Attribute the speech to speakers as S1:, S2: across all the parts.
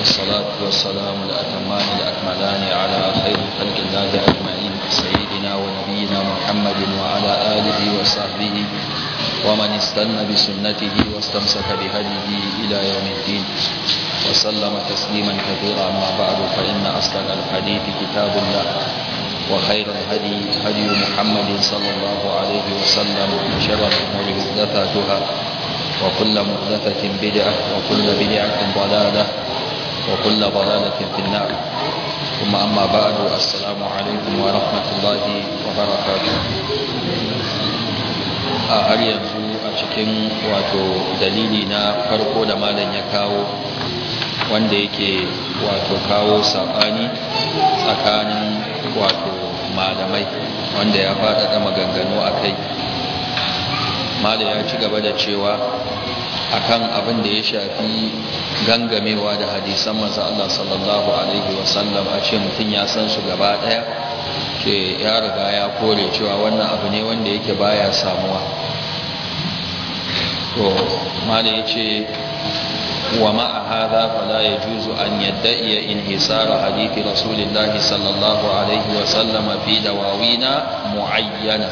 S1: والصلاة والسلام الأتمان الأكملان على خير خلق الله أجمعين سيدنا ونبينا محمد وعلى آله وصحبه ومن استنى بسنته واستمسك بهديه إلى يوم الدين وسلم تسليما كثيرا ما بعد فإن أصدق الحديث كتاب الله وخير الهدي هدي محمد صلى الله عليه وسلم وشر الأمور محدثاتها وكل محدثة بدعة وكل بدعة ضلالة وكل ضلالة في النار ثم أما بعد السلام عليكم ورحمة الله وبركاته har yanzu a cikin wato dalili na farko da malam ya kawo wanda yake wato kawo saɓani tsakanin wato malamai wanda ya faɗaɗa maganganu a kai malam ya ci gaba da cewa akan abin da ya shafi gangamewa da hadisan manzo Allah sallallahu alaihi wasallam a ce mutum ya san su gaba daya ke ya riga ya kore cewa wannan abu ne wanda yake baya samuwa to yace ومع هذا فلا يجوز أن يدعي انحسار حديث رسول الله صلى الله عليه وسلم في دواوين معينة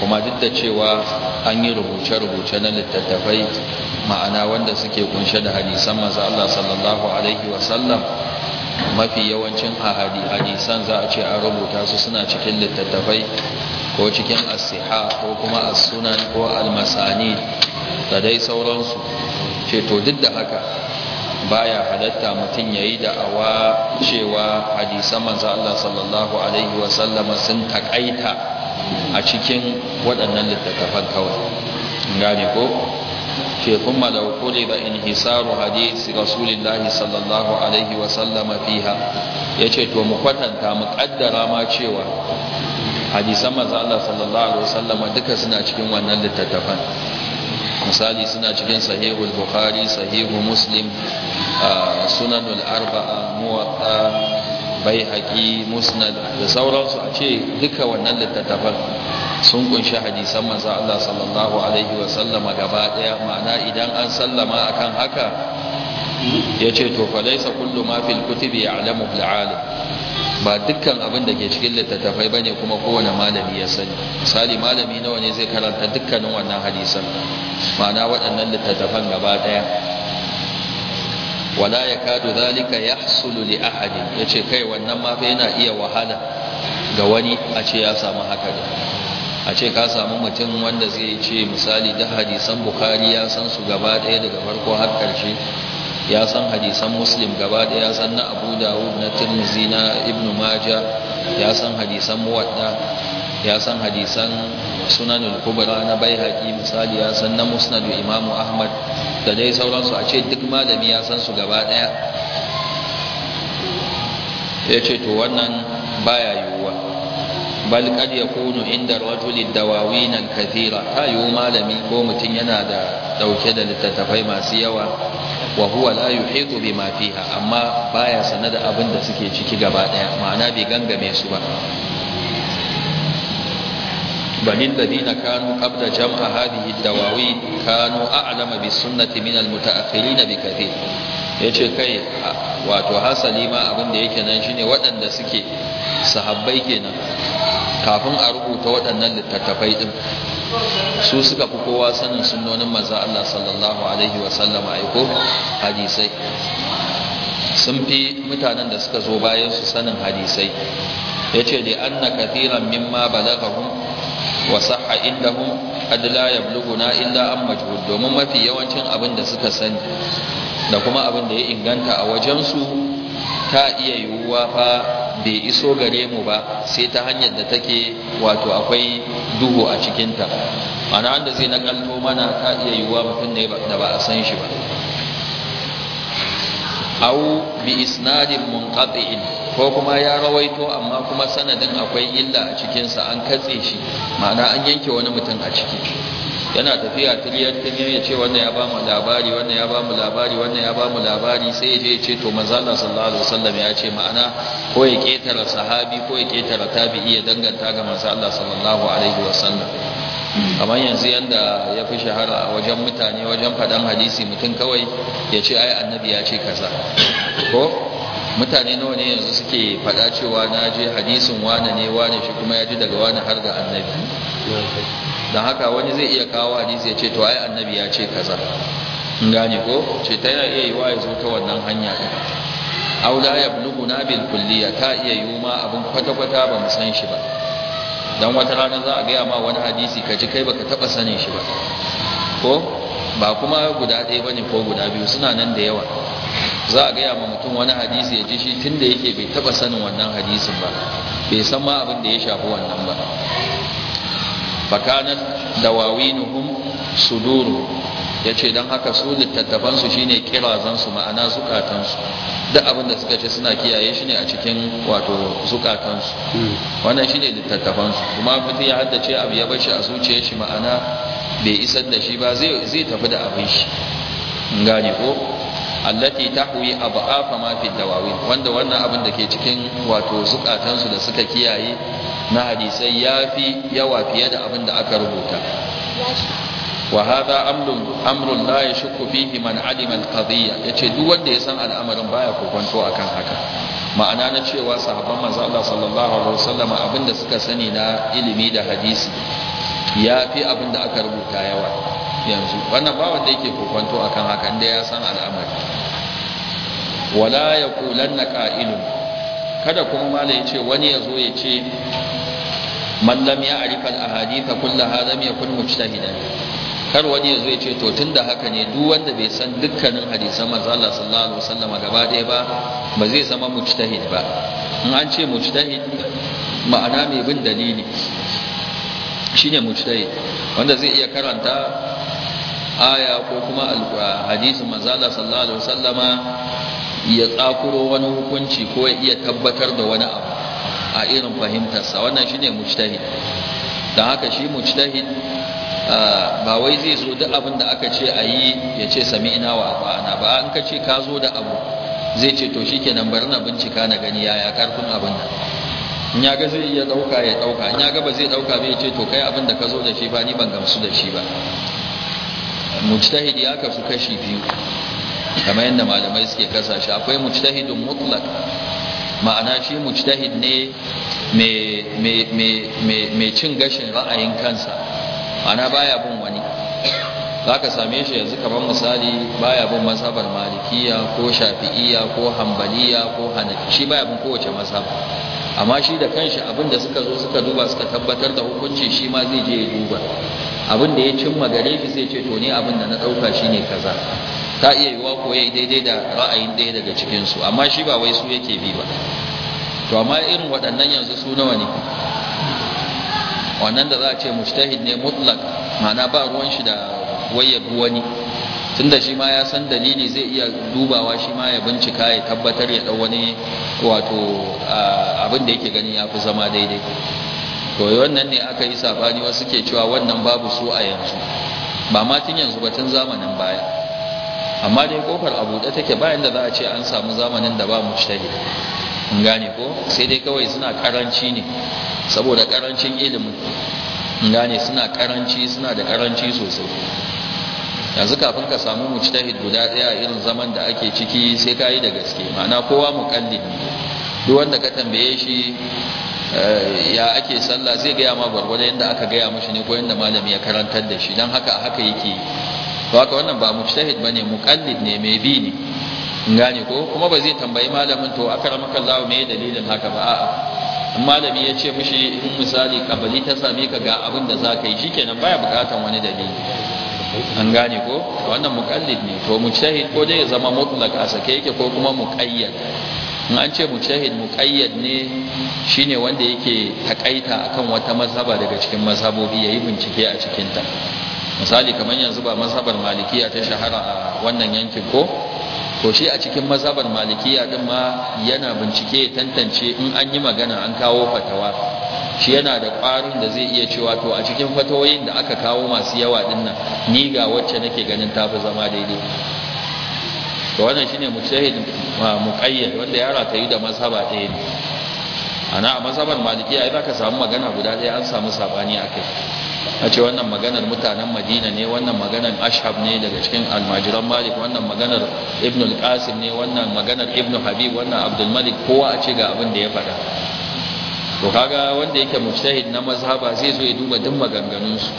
S1: kuma duk da cewa an yi rubuce-rubuce na littattafai ma'ana wanda suke kunshe da hadisan maza Allah sallallahu Alaihi wasallam mafi yawancin hadisan za a ce an rubuta su suna cikin littattafai ko cikin asiha ko kuma as-sunan ko Almasani da dai sauransu Ceto duk da haka baya halatta mutum ya yayi da'awa cewa hadisan manzo Allah sallallahu alaihi wa sallama sun takaita a cikin waɗannan littattafan kawai gane ko ke في ثم ba in hisaru حديث رسول Sallallahu alaihi wa sallama fiha. Ya ce to mu kwatanta mu kaddara ma cewa hadisan manzo Allah sallallahu alaihi wa sallama duka suna cikin wannan littattafan misali suna cikin sahihul bukhari sahihu muslim sunanul arba'a muwatta bai haƙi musnad da sauransu a ce duka wannan littattafan sun kunshi hadisan manzo Allah sallallahu alaihi wa sallama gaba daya ma'ana idan an sallama akan haka yace to fa laysa kullu ma fil kutubi ya'lamu al alim ba dukkan abin da ke cikin littattafai ba ne kuma kowane malami ya sani misali malami nawa ne zai karanta dukkanin wannan hadisan ma'ana waɗannan littattafan gaba ɗaya wala ya kadu zalika ya hasulu li ahadin ya ce kai wannan mafi yana iya wahala ga wani a ce ya samu haka a ce ka samu mutum wanda zai ce misali da hadisan bukari ya san su gaba ɗaya daga farko har ƙarshe ya san hadisan muslim gaba ɗaya ya san na abu dawud na tirmizi na ibn maja ya san hadisan muwadda ya san hadisan sunanul kubra na baihaqi misali ya san na musnad imamu ahmad da dai sauransu a ce duk malami ya san su gaba daya ce to wannan baya yiwuwa bal kad yakunu inda rajulid dawawin kathira ayu malami ko mutun yana da dauke da littattafai masu yawa wa huwa la yuhitu bima fiha amma baya sanar da abin da suke ciki gaba daya ma'ana bai gangame su ba balil Dina kanu qabla jam'a hadhihi dawawi kanu a'lama bi sunnati min al mutaakhirin bi kathir yace kai wato hasali ma abin da yake nan shine waɗanda suke sahabbai kenan kafin a rubuta waɗannan littattafai din su suka fi kowa sanin sunnonin maza Allah sallallahu alaihi wa sallama aiko hadisai sun fi mutanen da suka zo bayan su sanin hadisai Ya yace da anna kathiran mimma balagahum inda sahha hun adila ya bluguna illa an majhul domin mafi yawancin abin da suka sani da kuma abin da ya inganta a wajen su ta iya yiwuwa fa bai iso gare mu ba sai ta hanyar da take wato akwai duhu a cikinta ana wanda zai nakanto mana ta iya yiwuwa mutum ne da ba a san shi ba au bi isnadin munqati'in ko kuma ya rawaito amma kuma sanadin akwai illa a cikinsa an katse shi ma'ana an yanke wani mutum a ciki yana tafiya tiliyar tiliyar ya ce wannan ya ba mu labari wannan ya ba mu labari wannan ya ba mu labari sai ya je ya ce to manzo sallallahu alaihi wasallam ya ce ma'ana ko ya ketara sahabi ko ya ketara tabi'i ya danganta ga manzo sallallahu alaihi wasallam kamar yanzu yanda ya fi shahara a wajen mutane wajen faɗan hadisi mutum kawai ya ce ai annabi ya ce kaza ko mutane nawa ne yanzu suke faɗa cewa na je hadisin wane ne wane shi kuma ya ji daga wane har ga annabi don haka wani zai iya kawo hadisi ya ce to ai annabi ya ce kaza in gane ko ce ta yana iya yiwa wa ya zo ta wannan hanya au ya bulugu na bil kulliya ta iya yiwu ma abin kwata-kwata ba mu san shi ba dan wata rana za a gaya ma wani hadisi ka ji kai baka taba sanin shi ba ko ba kuma guda ɗaya bane ko guda biyu suna nan da yawa za a gaya ma mutum wani hadisi ya ji shi tunda yake bai taba sanin wannan hadisin ba bai san ma abin da ya shafi wannan ba fakanat dawawinuhum suduru yace dan haka su littattafan su shine kirazan su ma'ana zukatan su duk abin da suka ce suna kiyaye shi ne a cikin wato zukatan su hmm. wannan shine littattafan su kuma fiti ya haddace abu ya bashi a zuciyar shi ma'ana bai isar da shi ba zai zai tafi da abin shi gane ko allati tahwi abafa ma fi dawawin wanda wannan abin da ke cikin wato zukatan su da suka kiyaye na hadisai ya fi yawa fiye da abin da aka rubuta wa hada amrun la yashku fihi man alima al yace duk wanda ya san al'amarin baya kokonto akan haka ma'ana na cewa sahabban manzo Allah sallallahu alaihi wasallam abinda suka sani na ilimi da hadisi yafi abinda aka rubuta yawa yanzu wannan ba wanda yake kokonto akan haka inda ya san al'amari wala yaqulanna qa'ilun kada kuma malai yace wani ya ya yace man lam ya'rif al-ahadith kullaha lam yakun mujtahidan kar wani ya zo ya ce to tun da haka ne duk wanda bai san dukkanin hadisan manzo Allah sallallahu alaihi wasallam gaba ɗaya ba ba zai zama mujtahid ba in an ce mujtahid ma'ana mai bin dalili shine mujtahid wanda zai iya karanta aya ko kuma hadisin manzo Allah sallallahu alaihi wasallama ya tsakuro wani hukunci ko ya iya tabbatar da wani abu a irin fahimtarsa wannan shine mujtahid don haka shi mujtahid ba wai zai zo duk abin da aka ce a yi ya ce sami ina wa ba'ana ba an ka ce ka zo da abu zai ce to shi ke nan bari na bincika na gani yaya karfin abin nan in ya ga zai iya ɗauka ya ɗauka in ya ga ba zai ɗauka ba ya ce to kai abin da ka zo da shi ba ni ban gamsu da shi ba mujtahid ya kasu kashi biyu kamar yadda malamai suke kasashe akwai mujtahidun mutlaq ma'ana shi mujtahid ne mai cin gashin ra'ayin kansa ma'ana baya bin wani za ka same shi yanzu kamar misali baya bin masabar malikiya ko shafi'iya ko hambaliya ko hanafi shi baya bin kowace masaba amma shi da kanshi abinda suka zo suka duba suka tabbatar da hukunci shi ma zai je ya duba Abin da ya cimma gare shi zai ce to ni abin da na ɗauka shi ne kaza ta iya yiwuwa ko yayi daidai da ra'ayin ɗaya daga cikin su amma shi ba wai su yake bi ba to amma irin waɗannan yanzu su nawa ne wannan da za a ce mujtahid ne mutlak ma'ana ba ruwan shi da wayar wani tunda shi ma ya san dalili zai iya dubawa shi ma ya bincika ya tabbatar ya dau wani wato abin da yake gani ya fi zama daidai to wannan ne aka yi sabani wasu ke cewa wannan babu su a yanzu ba ma tun yanzu ba tun zamanin baya amma dai kofar a buɗe take bayan da za a ce an samu zamanin da ba mu mujtahid in gane ko sai dai kawai suna karanci ne saboda karancin ilimin in gane suna karanci suna da karanci sosai yanzu kafin ka samu mu mujtahid guda daya irin zaman da ake ciki sai ka yi da gaske ma'ana kowa mu kalli. duk wanda ka tambaye shi eh, ya ake sallah zai gaya ma gwargwado yadda aka gaya mashi ne ko yadda malami ya karantar da shi don haka haka yake to haka wannan ba mujtahid bane muqallid ne mai bi ne gane ko kuma ba zai tambayi malamin to akramaka Allah me dalilin haka ba a'a malami ya ce mishi in misali kabali ta same ka ga abin da za ka yi shikenan baya bukatan wani dalili an gane ko wannan muqallid ne to mujtahid ko dai ya zama mutlaq a sake yake ko kuma muƙayyad, in an ce mujtahid muqayyad ne shine wanda yake takaita akan wata mazhaba daga cikin mazhabobi yayi bincike a cikin ta misali kamar yanzu ba mazhabar malikiya ta shahara a wannan yankin ko to shi a cikin mazhabar malikiya din ma yana bincike ya tantance in an yi magana an kawo fatawa shi yana da ƙwarin da zai iya cewa to a cikin fatawoyin da aka kawo masu yawa din nan ni ga wacce nake ganin ta fi zama daidai to wannan shine mujtahid ah, muqayyad wanda ya rata yi da mazhaba ɗaya ne ana a mazhabar malikiya ai baka samu magana guda ɗaya an samu sabani akai a ce wannan maganar mutanen madina ne wannan maganar ashab ne daga cikin almajiran malik wannan maganar ibn al ne wannan maganar ibn habib wannan abdul malik kowa a ce ga abin da ya faɗa to kaga wanda yake mujtahid na mazhaba zai zo ya duba duk maganganun su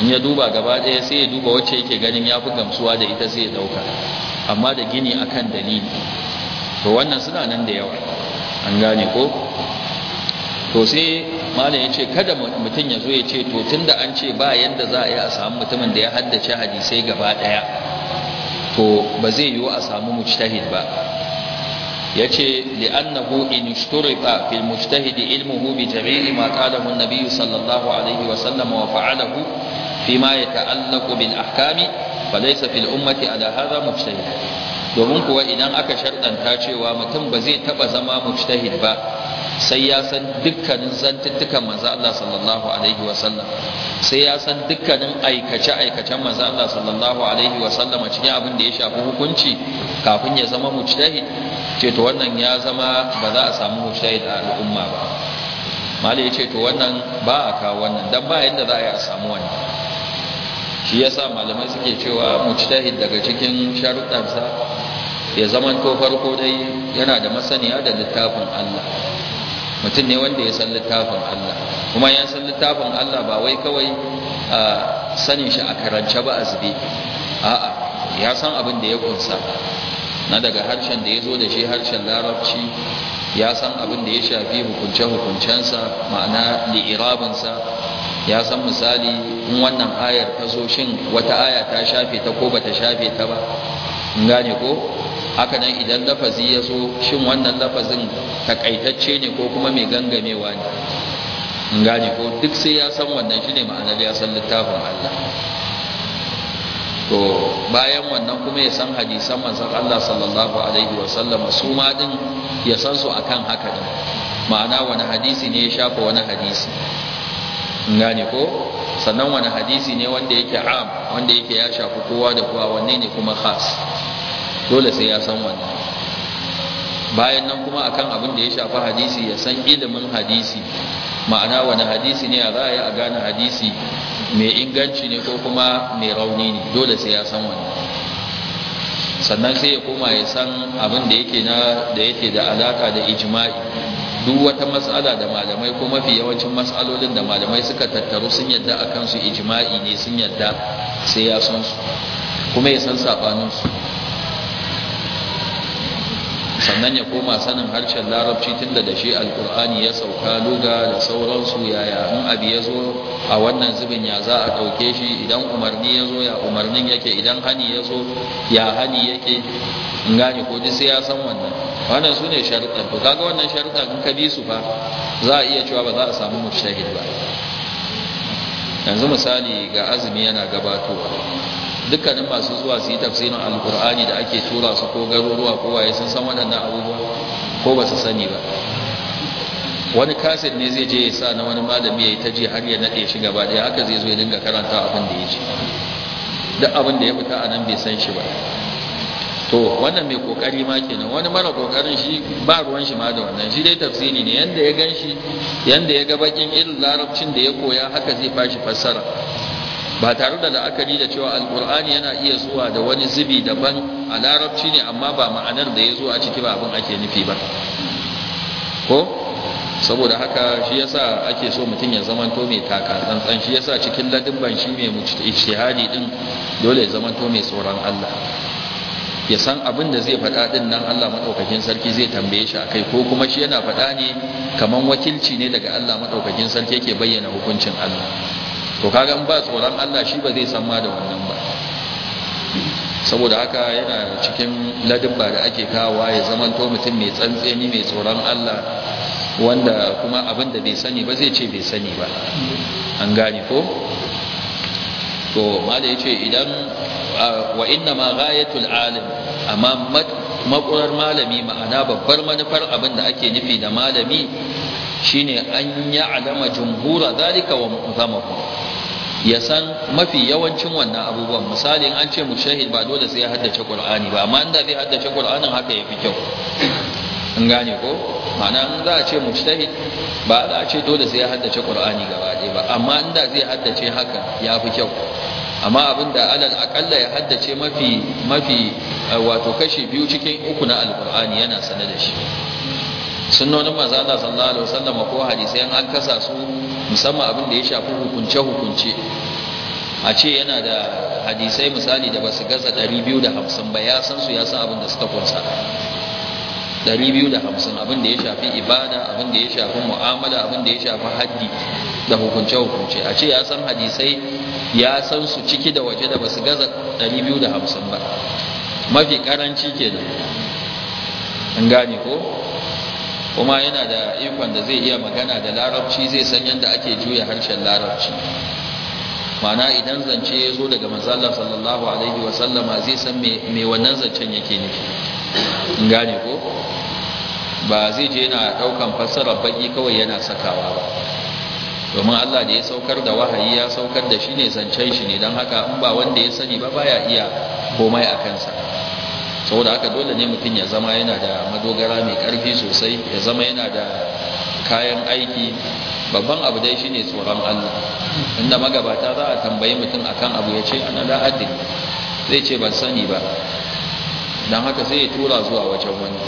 S1: in ya duba gaba ɗaya sai ya duba wacce yake ganin ya fi gamsuwa da ita sai ya ɗauka amma da gini akan dalili to wannan suna nan da yawa an gane ko to sai malam ya ce kada mutum ya zo ya ce to tun da an ce ba yadda za a yi a samu mutumin da ya haddace hadisai gaba ɗaya to ba zai yiwu a samu mujtahid ba ya ce li'annahu in shturita fil mujtahid ilmuhu bi jami'i ma qalahu an sallallahu alaihi wa sallam wa fa'alahu fima yata'allaqu bil ahkami falaysa fil ummati ala hadha mujtahid domin kuwa idan aka sharɗanta cewa mutum ba zai taɓa zama mujtahid ba sai ya san dukkanin zantuttukan manzo Allah sallallahu alaihi wa sallam sai ya san dukkanin aikace aikacen manzo Allah sallallahu alaihi wa sallam cikin abin da ya shafi hukunci kafin ya zama mujtahid ce to wannan ya zama ba za a samu mujtahid a al'umma ba malai ya ce to wannan ba a kawo wannan dan ba yadda za a yi a samu wannan shi yasa malamai suke cewa mujtahid daga cikin sharuɗansa ya zaman to farko dai yana da masaniya da littafin Allah mutum ne wanda ya san littafin Allah kuma ya san littafin Allah ba wai kawai a sanin shi a karance ba a zube a'a ya san abin da ya kunsa na daga harshen da ya zo da shi harshen larabci ya san abin da ya shafi hukunce-hukuncensa ma'ana li'irabinsa ya san misali in wannan ayar ta zo shin wata aya ta shafe ta ko bata shafe ta ba gane ko haka nan idan lafazi ya zo shin wannan lafazin takaitacce ne ko kuma mai gangamewa ne in gane ko duk sai ya san wannan shi ne ma'anar ya san littafin Allah to bayan wannan kuma ya san hadisan manzon Allah sallallahu alaihi Wasallama, su ma din ya san su akan haka din ma'ana wani hadisi ne ya shafa wani hadisi in gane ko sannan wani hadisi ne wanda yake am wanda yake ya shafi kowa da kowa wanne ne kuma khas dole sai ya san wannan bayan nan kuma akan abin da ya shafi hadisi ya san ilimin hadisi ma'ana wani hadisi ne a yi a gane hadisi mai inganci ne ko kuma mai rauni ne dole sai ya san wannan sannan sai ya koma ya san abin da yake na da yake da alaka da ijma'i duk wata matsala da malamai ko mafi yawancin matsalolin da malamai suka tattaru sun yadda a kansu ijma'i ne sun yadda sai ya san su kuma ya san saɓaninsu sannan ya koma sanin harshen larabci tunda da shi alkur'ani ya sauka luga da sauransu yaya in abu ya zo a wannan zubin ya za a ɗauke shi idan umarni ya zo ya umarnin yake idan hani ya zo ya hani yake in gane ko duk sai ya san wannan wannan su ne sharuɗan to kaga wannan sharuɗan in ka bi su fa za a iya cewa ba za a samu mushahid ba yanzu misali ga azumi yana gabatowa dukkanin masu zuwa su yi tafsirin alkur'ani da ake tura su ko garuruwa ko waye sun san waɗannan abubuwa ko ba su sani ba wani kaset ne zai je ya sa na wani malami ya yi ta ji har ya naɗe shi gaba ɗaya haka zai zo ya dinga karanta abin da ya ce duk abin da ya fita a nan bai san shi ba to wannan mai kokari ma kenan wani mara kokarin shi ba ruwan shi ma da wannan shi dai tafsiri ne yanda ya gan shi yanda ya ga bakin irin larabcin da ya koya haka zai fashi fassara ba tare da la'akari da cewa alkur'ani yana iya zuwa da wani zubi daban a larabci ne amma ba ma'anar da ya zo a ciki ba abin ake nufi ba ko saboda haka shi yasa ake so mutum ya zamanto mai taka tsantsan shi yasa cikin ladibban shi mai mujtahidi din dole ya zamanto mai tsoron Allah ya san abin da zai faɗa din nan Allah madaukakin sarki zai tambaye shi akai ko kuma shi yana faɗa ne kaman wakilci ne daga Allah madaukakin sarki yake bayyana hukuncin Allah to kaga in ba tsoron Allah shi ba zai san ma da wannan ba saboda haka yana cikin ladabba da ake kawowa ya zamanto mutum mai tsantseni mai tsoron Allah wanda kuma abin da bai sani ba zai ce bai sani ba an gane ko to mala yace idan wa inna ma ghayatul alim amma makurar malami ma'ana babbar manufar abin da ake nufi da malami shine an ya alama jumhura zalika wa mu'zamahu ya san mafi yawancin wannan abubuwan misali an ce mu shahid ba dole sai ya haddace qur'ani ba amma inda zai haddace qur'anin haka yafi kyau in gane ko ma'ana in za a ce shahid ba za a ce dole sai ya haddace qur'ani gaba ɗaya ba amma inda zai haddace haka yafi kyau amma abinda alal akalla ya haddace mafi mafi eh, wato kashi biyu cikin uku na alqur'ani yana sane da shi sunnonin manzo Allah sallallahu alaihi wasallam ko hadisi an kasa su musamman abin da ya shafi hukunce-hukunce a ce yana da hadisai misali da ba su gaza 250 ba ya san su ya san abin da suka kunsa 250 abin da ya shafi ibada abin da ya shafi mu'amala abin da ya shafi haddi da hukunce-hukunce a ce ya san hadisai ya san su ciki da waje da ba su gaza 250 ba mafi karanci kenan an gane ko kuma yana da ikon da zai iya magana da larabci zai san yadda ake juya harshen larabci mana idan zance ya zo daga matsalar sallallahu alaihi wasallama zai san mai wannan zancen yake nufi gane ko ba zai je yana daukan fassarar baki kawai yana sakawa ba domin Allah da ya saukar da wahayi ya saukar da shi ne zancen shi ne don haka in ba wanda ya sani ba baya iya komai a kansa saboda haka dole ne mutum ya zama yana da madogara mai karfi sosai ya zama yana da kayan aiki babban abu dai shine tsoron Allah inda magabata za a tambayi mutum akan abu ya ce ana la zai ce ban sani ba don haka sai ya tura zuwa wajen wani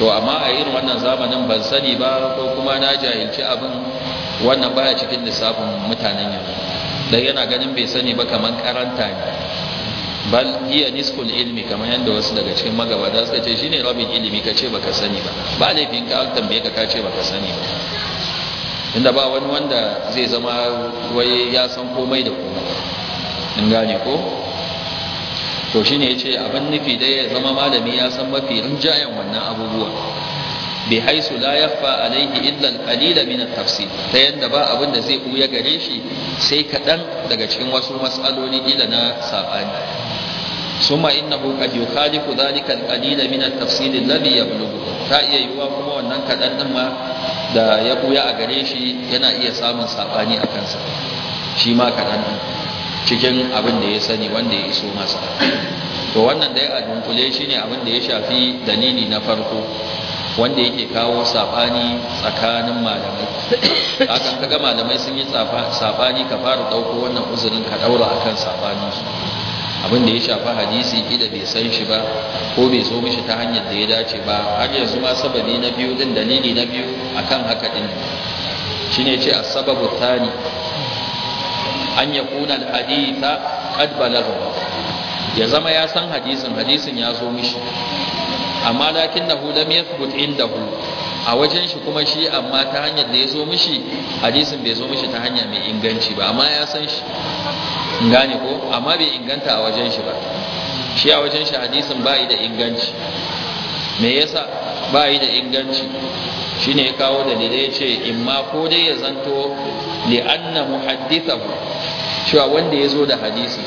S1: to amma a irin wannan zamanin ban sani ba ko kuma na jahilci abin wannan baya cikin lissafin mutanen ya? dan yana ganin bai sani ba kamar karanta ne bal hiya niskul ilmi kamar yadda wasu daga cikin magabata suka ce shine rabin ilimi ka ce baka sani ba ba laifin ka tambaye ka ka ce baka sani ba inda ba wani wanda zai zama wai ya san komai da komai in gane ko to shine yace abin nufi dai ya zama malami ya san mafi rinjayen wannan abubuwa Bai haisu la yakhfa alayhi illa al min at-tafsir ta yadda ba abin da zai buya gare shi sai kadan daga cikin wasu matsaloli ila na sabani summa innahu qad yukhaliqu dhalika al-qalila min at-tafsil alladhi yablughu ta iya yiwuwa kuma wannan kadan din ma da ya buya a gare shi yana iya samun sabani a kansa shi ma kadan cikin abin da ya sani wanda ya iso masa to wannan da ya dunkule shi ne abin da ya shafi dalili na farko wanda yake kawo sabani tsakanin malamai hakan kaga malamai sun yi sabani ka fara dauko wannan uzurin ka daura akan sabanin su abin da ya shafa hadisi kida bai san shi ba ko bai so mishi ta hanyar da ya dace ba har yanzu ma sababi na biyu din dalili na biyu akan haka din shine ce as-sababu an ya kuna haditha kad balagha ya zama ya san hadisin hadisin ya zo mishi amma lakin hu lam yathbut indahu a wajen shi kuma shi amma ta hanyar da ya zo mishi hadisin bai zo mishi ta hanya mai inganci ba amma ya san shi gane ko amma bai inganta a wajen shi ba shi a wajen shi hadisin ba yi da inganci me yasa ba yi da inganci shi ne ya kawo dalilai ya ce in ma ko dai ya zanto li'anna muhaddithahu cewa wanda ya zo da hadisi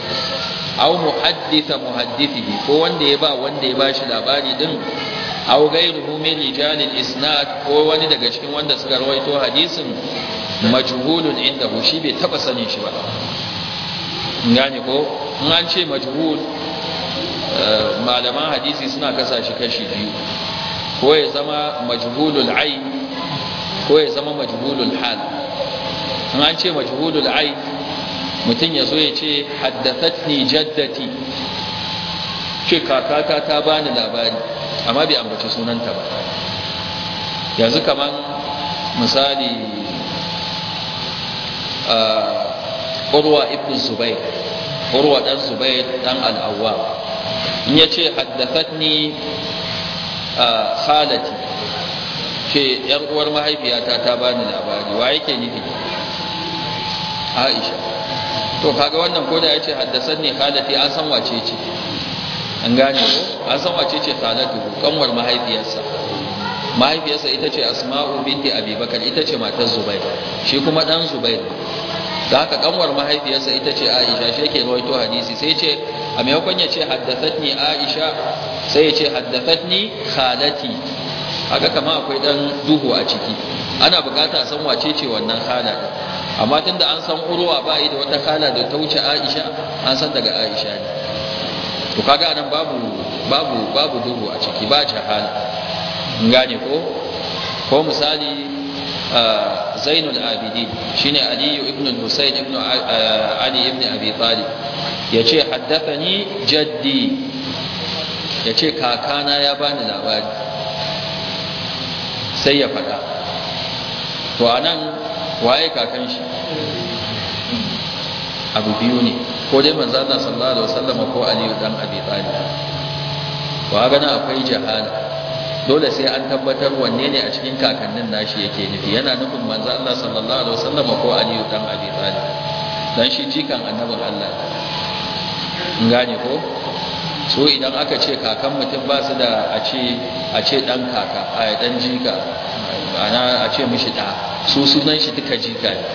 S1: au muhaddisa muhaddisi ko wanda ya ba wanda ya ba shi labari din au gairuhu min rijalil isnad ko wani daga cikin wanda suka rawaito hadisin majhulun indahu shi bai taba sanin shi ba gane ko in an ce majhul eh, malaman hadisi suna kasa shi kashi biyu ko ya zama majhulul ai, ko ya zama majhulul hal in an ce majhulul ayn mutum ya zo ya ce haddathatni jaddati ce kakata ta bani labari amma bai ambaci sunanta ba yanzu kaman misali ah, urwa ibn zubair urwa dan zubair dan al-awwa in yace haddathatni khalati ke yar uwar mahaifiyata ta bani labari wa yake nufi Aisha to kaga wannan ko da yace haddathatni khalati an san wace ce an gane ko an san wace ce khalati kanwar mahaifiyarsa mahaifiyarsa ita ce asma'u binti abubakar ita ce matar zubair shi kuma dan zubair da haka kanwar mahaifiyarsa ita ce Aisha shi ke rawaito hadisi sai ce a maimakon ya ce haddathatni Aisha sai ya ce haddathatni khalati haka kama akwai dan duhu a ciki ana bukata san wace ce wannan khala amma tunda an san urwa ba yi da wata khala da ta wuce Aisha an san daga Aisha ne to kaga anan babu babu babu duhu a ciki ba jahala gane ko ko misali zainul Abidi shine ali ibn husayn ibn ali ibn abi talib yace haddathani jaddi yace kakana ya bani labari sai ya fada to anan waye kakan shi abu biyu ne ko dai manzo Allah sallallahu alaihi wasallam ko ali dan abi talib wa gana akwai jahala dole sai an tabbatar wanne ne a cikin kakannin nashi yake nufi yana nufin manzo Allah sallallahu alaihi wasallam ko Aliyu dan Abi Talib dan shi jikan annabin Allah in gane ko so idan aka ce kakan mutum ba su da a ce a ce dan kaka a dan jika ana a ce mishi da su sunan shi duka jika ne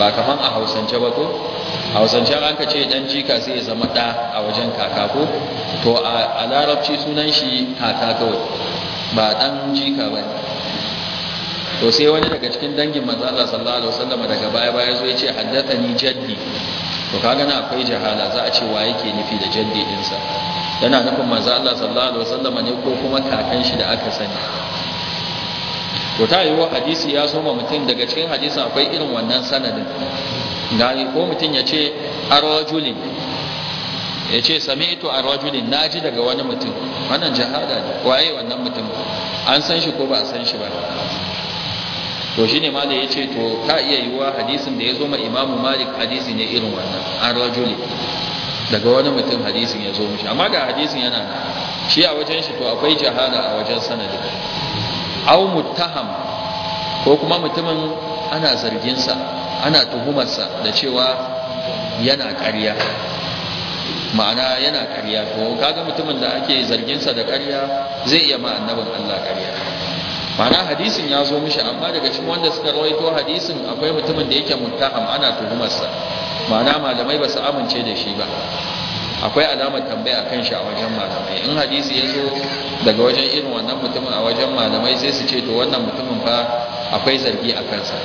S1: ba kaman a Hausance ba ko a Hausance an ka ce dan jika sai ya zama da a wajen kaka ko to a larabci sunan shi kaka kawai ba dan jika ba to sai wani daga cikin dangin manzo Allah sallallahu alaihi wasallam daga baya baya zo ya ce haddathani jaddi to kaga na akwai jahala za a ce wa yake nufi da jaddi insa? yana nufin manzo Allah sallallahu alaihi wasallam ne ko kuma kakan shi da aka sani to ta wa hadisi ya soma mutum daga cikin hadisi akwai irin wannan sanadin gani ko mutum ya ce arwajulin ya ce ito a rajulin naji daga wani mutum wannan jihada ne waye wannan mutum an san shi ko ba a san shi ba to shine malai ya ce to ta iya yiwuwa hadisin da ya zo ma imamu malik hadisi ne irin wannan an rajuli daga wani mutum hadisin ya zo mishi amma ga hadisin yana nan shi a wajen shi to akwai jihada a wajen sanadi. au muttaham ko kuma mutumin ana zarginsa ana tuhumarsa da cewa yana ƙarya ma'ana yana ƙarya to kaga mutumin da ake zarginsa da ƙarya zai iya ma annabin Allah ƙarya ma'ana hadisin ya zo mishi amma daga cikin wanda suka rawaito hadisin akwai mutumin da yake muntaham ana tuhumar sa ma'ana malamai ba su amince da shi ba akwai alamar tambaya akan shi a wajen malamai in hadisi ya zo daga wajen irin wannan mutumin a wajen malamai sai su ce to wannan mutumin fa akwai zargi a kansa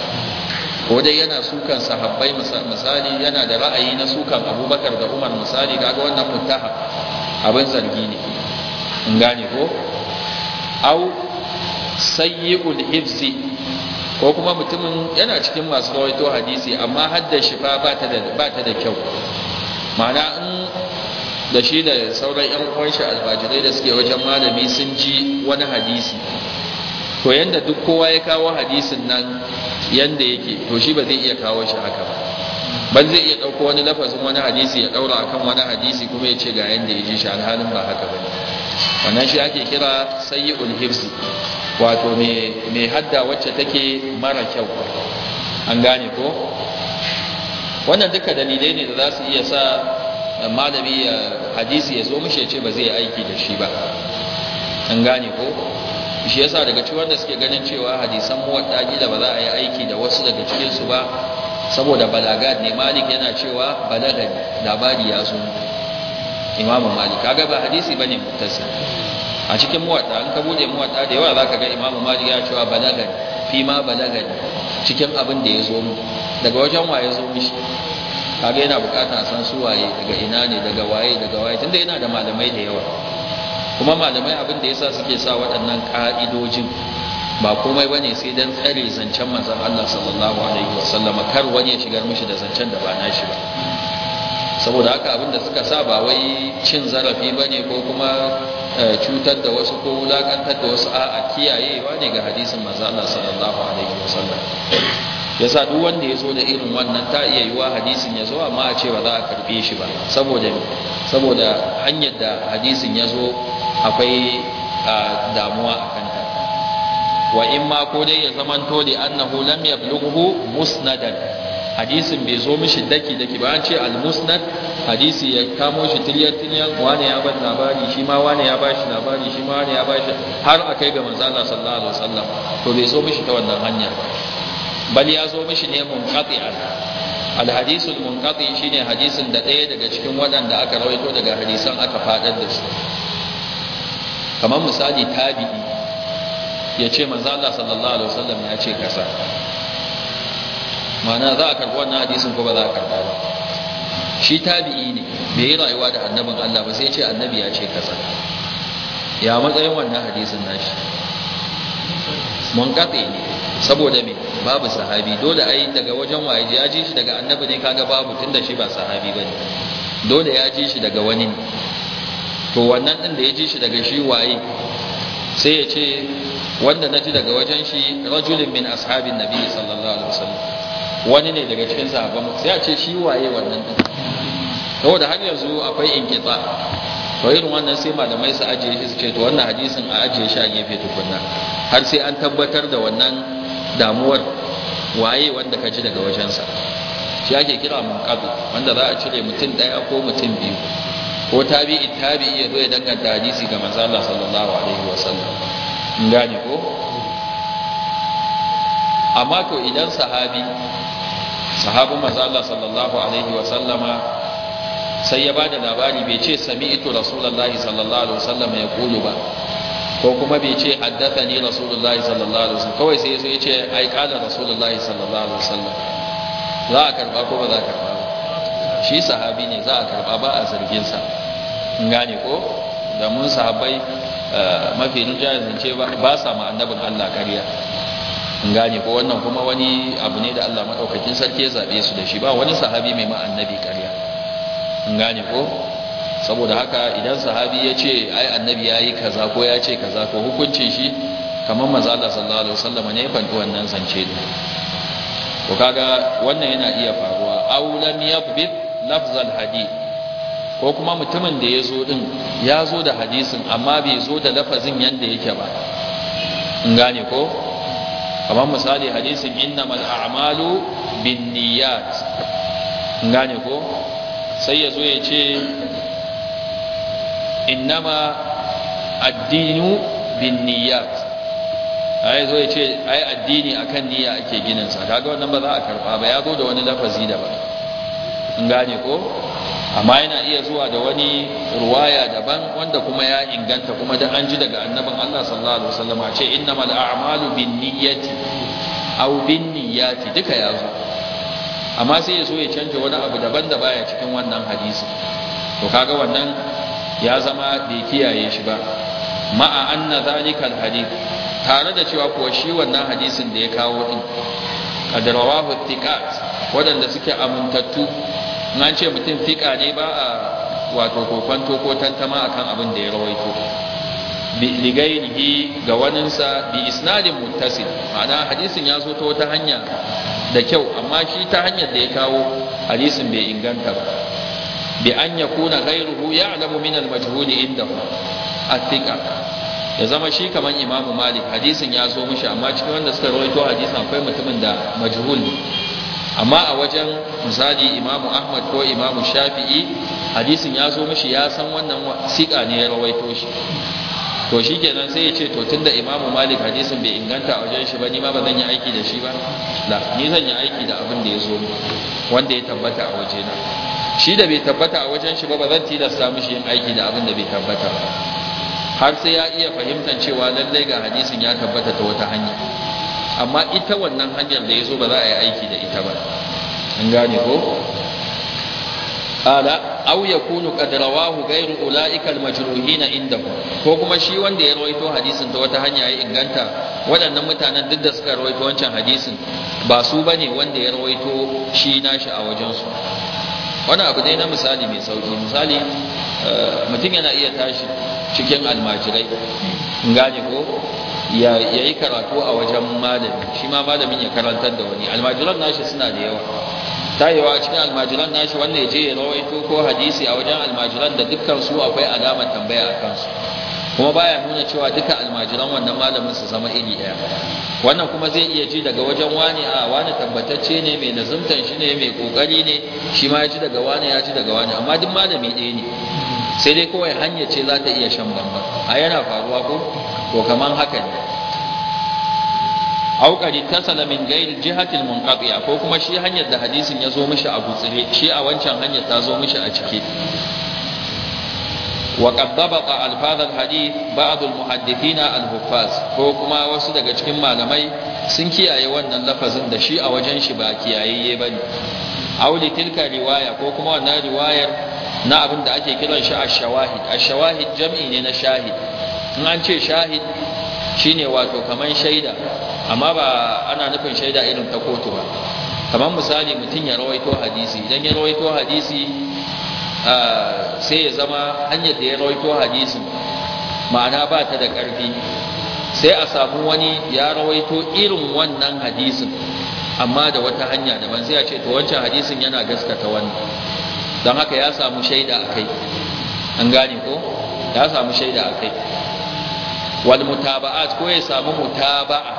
S1: ko dai yana sukan sahabbai misali yana da ra'ayi na sukan abubakar da umar misali kaga wannan mutaha abin zargi ne in gane ko au sayyi'ul hifzi ko kuma mutumin yana cikin masu rawaito hadisi amma haddar shi fa ba ta da ba ta da kyau ma'ana in da shi da sauran yan uwan shi albajirai da suke wajen malami sun ji wani hadisi to yanda duk kowa ya kawo hadisin nan yanda yake to shi ba zai iya kawo shi haka ba ban zai iya ɗauko wani lafazin wani hadisi ya ɗaura akan wani hadisi kuma ya ce ga yanda ya ji shi alhalin ba haka ba wannan shi ake kira Sayyidul hifzi wato mai hadda wacce take mara kyau an gane ko wannan duka dalilai ne da za su iya sa eh, malami hadisi ya zo mishi ya ce ba zai aiki da shi ba an gane ko shi yasa daga cikin wanda suke ganin cewa hadisan muwatta gida ba za a yi aiki da wasu daga cikin su ba saboda balagat ne malik yana cewa da labari ya zo imam malik kaga ba hadisi bane muttasi a cikin muwatta an ka bude muwatta da yawa zaka ga imam malik ya cewa balagani fi ma balagani cikin abin da ya zo mu daga wajen wa ya zo mishi kaga yana bukatar san su waye daga ina ne daga waye daga waye tunda yana da malamai da yawa kuma malamai abin da yasa suke sa waɗannan ka'idojin ba komai bane sai dan tsare zancen manzon Allah sallallahu alaihi wasallam kar wani ya shigar mishi da zancen da ba nashi ba saboda haka abin da suka sa ba wai cin zarafi bane ko kuma eh, cutar da wasu ko wulakantar da wasu a'a kiyayewa ne ga hadisin manzon Allah sallallahu alaihi wasallam yasa duk wanda ya zo da irin wannan ta iya yiwa hadisin ya zo amma a ce ba za a karbe shi ba saboda saboda hanyar da hadisin ya zo akwai damuwa a kanta wa in ma ko dai ya zamanto da annahu lam yablughu musnadan hadisin bai zo mishi daki daki ba an ce al-musnad hadisi ya kamo shi tiryar tiryar wani ya ba labari shi ma wani ya ba shi labari shi ma wani ya ba shi har akai ga manzo Allah sallallahu alaihi wasallam to bai zo mishi ta wannan hanyar ba bal ya zo mishi ne munqati'an al al munqati shine hadisin da ɗaya daga cikin waɗanda aka rawaito daga hadisan aka fadar da su kamar misali tabi'i ya ce manzo Allah sallallahu alaihi wasallam ya ce kasa mana za a karɓi wannan hadisin ko ba za a karɓa ba shi tabi'i ne bai yi rayuwa da annabin Allah ba sai ce annabi ya ce kasa ya matsayin wannan hadisin nashi mun kafe ne saboda me babu sahabi dole ai daga wajen waye ya ji shi daga annabi ne kaga babu tunda shi ba sahabi bane dole ya ji shi daga wani ne to wannan din da ya ji shi daga shi waye sai ya ce wanda na ji daga wajen shi rajulin min ashabin nabi sallallahu alaihi wasallam wani ne daga cikin sahabban sai ya ce shi waye wannan din saboda har yanzu akwai inkita to irin wannan sai malamai su ajiye shi su ce to wannan hadisin a ajiye shi a gefe tukunna har sai an tabbatar da wannan damuwar waye wanda ka ji daga wajensa shi ake kira munqadu wanda za a cire mutum daya ko mutum biyu ko tabi'i tabi'i ya zo ya danganta hadisi ga manzo Allah sallallahu alaihi wa wasallam in gane ko amma ko idan sahabi sahabin manzo Allah sallallahu alaihi wa sallama sai ya bada labari bai ce sami'tu rasulullahi sallallahu alaihi wa wasallam ya kulu ba ko kuma bai ce haddathani rasulullahi sallallahu alaihi wa wasallam kawai sai ya ya ce ai qala rasulullahi sallallahu alaihi wa wasallam za a karba ko ba za a karba shi sahabi ne za a karba ba a zarginsa gane ko da mun sahabai eh, mafi rijaya zance ba sa ma annabin Allah kariya gane ko wannan kuma wani abu ne da Allah madaukakin sarki ya zabe su da shi ba wani sahabi mai ma annabi kariya gane ko saboda haka idan sahabi ya ce ai annabi ya yi kaza ko ya ce kaza ko hukuncin shi kamar mazala sallallahu alaihi wasallam ne ya fanki wannan zance ne ko kaga wannan yana iya faruwa aw lam yaqbid lafzal hadith ko kuma mutumin da ya zo din ya zo da hadisin amma bai zo da lafazin yadda yake ba in gane ko kamar misali hadisin innamal a'malu bin niyyat in gane ko sai ya zo ya ce innama addinu bin niyyat ai zo ya ce ai addini akan niyya ake ginin sa kaga wannan ba za a karba ba ya zo da wani lafazi daban gane ko amma yana iya zuwa da wani ruwaya daban wanda kuma ya inganta kuma da an ji daga annabin Allah sallallahu alaihi wasallam ce innamal a'malu niyyati aw niyyati duka ya zo amma sai ya so ya canza wani abu daban da baya cikin wannan hadisi to kaga wannan ya zama bai kiyaye shi ba ma'a anna zalikal hadith tare da cewa kuwa shi wannan hadisin da ya kawo din kadrawahu thiqat wadanda suke amintattu na ce mutum fika ne ba a wato kokwanto ko tantama akan abin da ya rawaito bi ga waninsa bi isnadin muttasil ma'ana hadisin ya zo ta wata hanya da kyau amma shi ta hanyar da ya kawo hadisin bai inganta ba bi an yakuna ghairuhu ya'lamu min al inda indahu atika ya zama shi kamar imamu malik hadisin ya zo mishi amma cikin wanda suka rawaito hadisin akwai mutumin da majhul amma a wajen misali imamu ahmad ko imamu shafi'i hadisin ya zo mishi ya san wannan siƙa ne ya rawaito shi to shi kenan sai ya ce to tunda imamu malik hadisin bai inganta a wajen shi ba ni ma ba zan yi aiki da shi ba la ni zan yi aiki da abin da ya zo mu, wanda ya tabbata a waje na shi da bai tabbata a wajen shi ba ba zan tilasta mishi yin aiki da abin da bai tabbata ba har sai ya iya fahimtar cewa lallai ga hadisin ya tabbata ta wata hanya amma ita wannan hanyar da ya zo ba za a yi aiki da ita ba an gane ko ala aw yakunu qad rawahu ghayru ulaika inda indahu ko kuma shi wanda ya rawaito hadisin ta wata hanya ya inganta waɗannan mutanen duk da suka rawaito wancan hadisin ba su bane wanda ya rawaito shi nashi a wajen wani abu dai na misali mai sauki misali eh, mutum yana iya tashi cikin almajirai gane ko ya yi karatu a wajen malami shi ma malamin ya karantar da wani almajiran nashi suna da yawa tayewa cikin almajiran nashi wanda ya je ya rawaito ko hadisi a wajen almajiran da dukkan su akwai alamar tambaya a kansu kuma baya nuna cewa duka almajiran wannan malamin su zama iri daya wannan kuma zai iya ji daga wajen wani a wani tabbatacce ne mai nazumtan shi ne mai kokari ne shi ma ya ji daga wani ya ji daga wani amma duk malami ɗaya ne sai dai kawai hanya ce za ta iya shan bambam a yana faruwa ko Ko kamar haka ne Auƙari ta Salamin min ghayr jihatil munqati'a ko kuma shi hanyar da hadisin ya zo mishi a gutsire shi a wancan hanyar ta zo mishi a ciki. wa qad dabata alfaz alhadith ba'd almuhaddithina alhuffaz ko kuma wasu daga cikin malamai sun kiyaye wannan lafazin da shi a wajen shi ba kiyayeye bane ne, li tilka riwaya ko kuma wannan riwayar na abin da ake kiran shi ashawahid ashawahid jam'i ne na shahid in an ce shahid shine wato kaman shaida amma ba ana nufin shaida irin ta kotu ba kaman misali mutum ya rawaito hadisi idan ya rawaito hadisi sai ya zama hanyar da ya rawaito hadisi ma'ana ba ta da ƙarfi sai a samu wani ya rawaito irin wannan hadisin amma da wata hanya daban sai a ce to wancan hadisin yana gaskata wani don haka ya samu shaida a kai an gane ko ya samu shaida a kai wal mutaba'at ko ya samu mutaba'a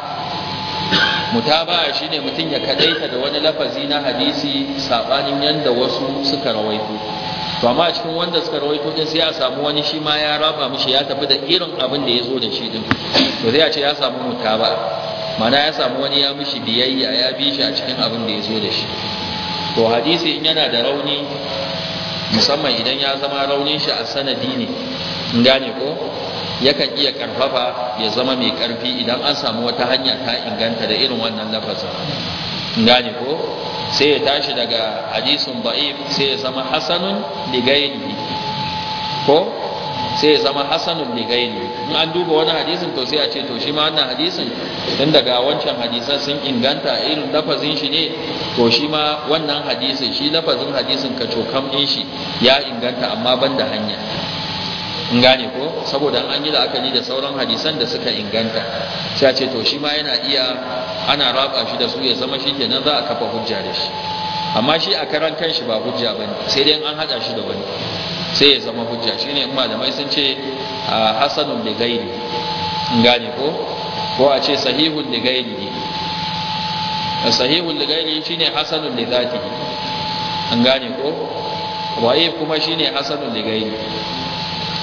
S1: mutaba'a shine mutum ya kadaita da wani lafazi na hadisi sabanin yanda wasu suka rawaito to amma cikin wanda suka rawaito din sai ya samu wani shi ma ya raba mishi ya tafi da irin abin da ya zo da shi din to zai ce ya samu mutaba'a mana ya samu wani ya mishi biyayya ya bi shi a cikin abin da ya zo da shi to hadisi in yana da rauni musamman idan ya zama raunin shi a sanadi ne in gane ko yakan iya karfafa ya zama mai karfi idan an samu wata hanya ta inganta da irin wannan lafazin gane ko sai ya tashi daga hadisun ba'if sai ya zama hasanun ne? ko sai ya zama hasanun ne? in an duba wani hadisin to sai a ce to shi ma wannan hadisin tun daga wancan hadisan sun inganta irin lafazin shi ne to shi ma wannan hadisin shi lafazin hadisin ka cokam ɗin shi ya inganta amma ban da hanya in gane ko saboda an yi la'akari da sauran hadisan da suka inganta sai a ce to shi ma yana iya ana raba shi da su ya zama shi kenan za a kafa hujja da shi amma shi a karan kanshi ba hujja bane sai dai an hada shi da wani sai ya zama hujja shine in malamai sun ce hasanun da gairi in gane ko ko a ce sahihun da gairi sahihun da gairi ne hasanun da zati an gane ko waye kuma ne hasanun da gairi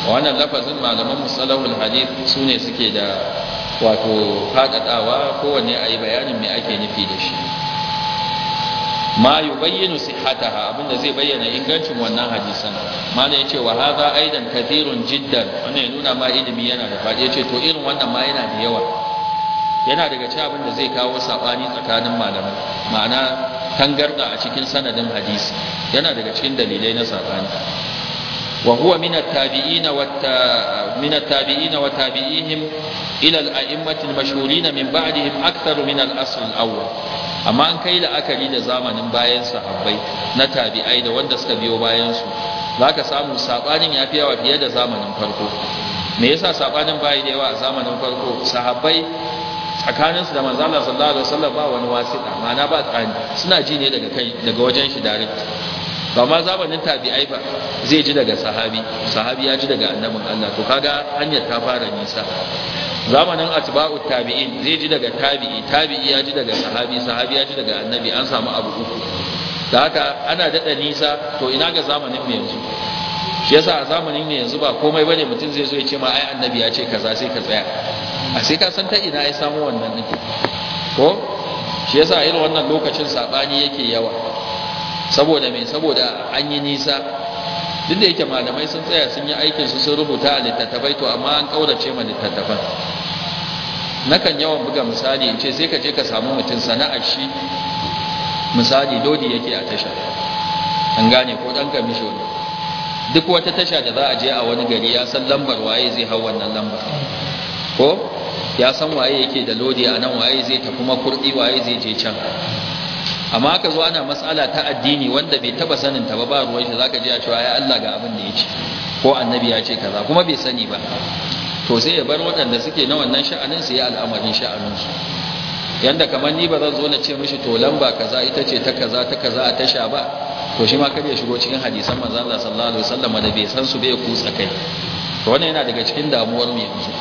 S1: wannan lafazin malaman musalahul hadith su ne suke da wato faɗaɗawa kowanne a yi bayanin mai ake nufi da shi ma yi bayyana sihataha abinda zai bayyana ingancin wannan hadisan mana ya ce wa haza aidan kathirun jiddan wannan ya nuna ma ilimi yana da fadi ya to irin wannan ma yana da yawa yana daga ci abinda zai kawo sabani tsakanin malamai ma'ana tangarda a cikin sanadin hadisi yana daga cikin dalilai na saɓani Wahuwa من tabi'i والت... من التابعين وتابعيهم الى الائمه المشهورين من بعدهم اكثر من الاصل الاول اما ان كاي da zamanin bayan sahabbai na tabi'ai da wanda suka biyo bayansu, su zaka samu sabanin yafi yawa fiye da zamanin farko me yasa sabanin bayi da yawa a zamanin farko sahabbai tsakanin da manzo Allah sallallahu alaihi wasallam ba wani wasiƙa ma'ana ba tsani suna ji ne daga kai daga wajen shi direct ba ma zamanin tabi'ai ba zai ji daga sahabi sahabi ya ji daga annabin Allah to kaga hanyar ta fara nisa zamanin atba'u tabi'in zai ji daga tabi'i tabi'i ya ji daga sahabi sahabi ya ji daga annabi an samu abu uku da haka ana dada nisa to ina ga zamanin mu yanzu shi yasa a zamanin mu yanzu ba komai bane mutum zai zo ya ce ma ai annabi ya ce kaza sai ka tsaya a sai ka san ta ina ai samu wannan din ko shi yasa irin wannan lokacin sabani yake yawa saboda mai saboda an yi nisa duk da yake malamai sun tsaya sun yi aikin su sun rubuta a littattafai to amma an kaurace ma littattafan nakan yawan buga misali in ce sai ka je ka samu mutum sana'ar shi misali lodi yake a tasha an gane ko dan kamisho ne duk wata tasha da za a je a wani gari ya san lambar waye zai hau wannan lambar ko ya san waye yake da lodi a nan waye zai tafi makurdi waye zai je can amma ka zo ana matsala ta addini wanda bai taba sanin ta ba ba ruwan shi zaka je a cewa ya Allah ga abin da ya ce ko annabi ya ce kaza kuma bai sani ba to sai ya bar waɗanda suke na wannan sha'anin su yi al'amarin sha'anin su yanda kamar ni ba zan zo na ce mishi to lamba kaza ita ce ta kaza ta kaza a tasha ba to shi ma kar ya shigo cikin hadisan manzo Allah sallallahu alaihi wasallam da bai san su bai kutsa kai to wannan yana daga cikin damuwar mu yanzu